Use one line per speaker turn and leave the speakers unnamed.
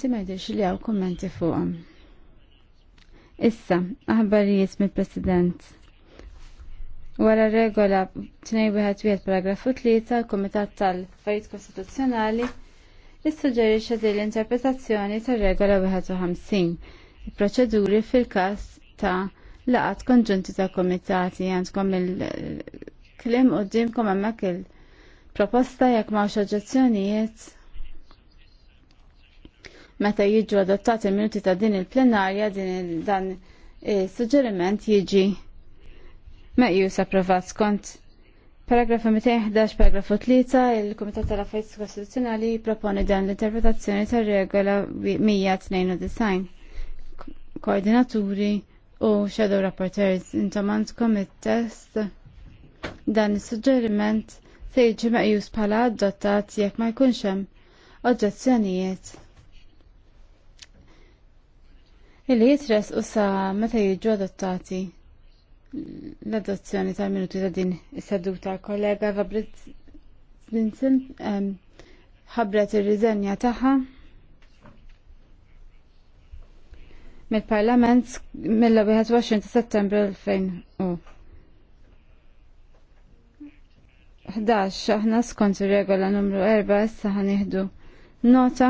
Di ma jidirx li għaw kommenti fuqom. Issa, aħbarijiet mill-President. Wara regola 2.1 paragrafu 3 il-Komitat tal fajt Kostituzzjonali issuġġerixxa din l-interpretazzjoni tar-regola 51. Il-proċeduri fil-każ ta' laqat konġunti ta' komitati għandkom il-klim u d-dimkom il-proposta jekk ma' oġġezzjonijiet meta jiġu adottati minuti ta' din il-plenarja din il dan il-suġġeriment jiġi meqjus approvat skont paragrafu 211 paragrafu 3 il-Komitat tal affajt Kostituzzjonali proponi dan l-interpretazzjoni tar-regola 192 koordinaturi u shadow rapporteurs intom għandkom it-test dan is-suġġeriment se jiġi meqjus bħala adottat jekk ma jkunx hemm oġġezzjonijiet illi jitres u sa meta jiġu adottati l-adozzjoni tal-minuti ta' din is-seduta kollega Vabrit Vincent ħabret ir-riżenja tagħha mill-Parlament mill-21 ta' Settembru 2011 aħna skont ir-regola numru 4 issa ħanieħdu nota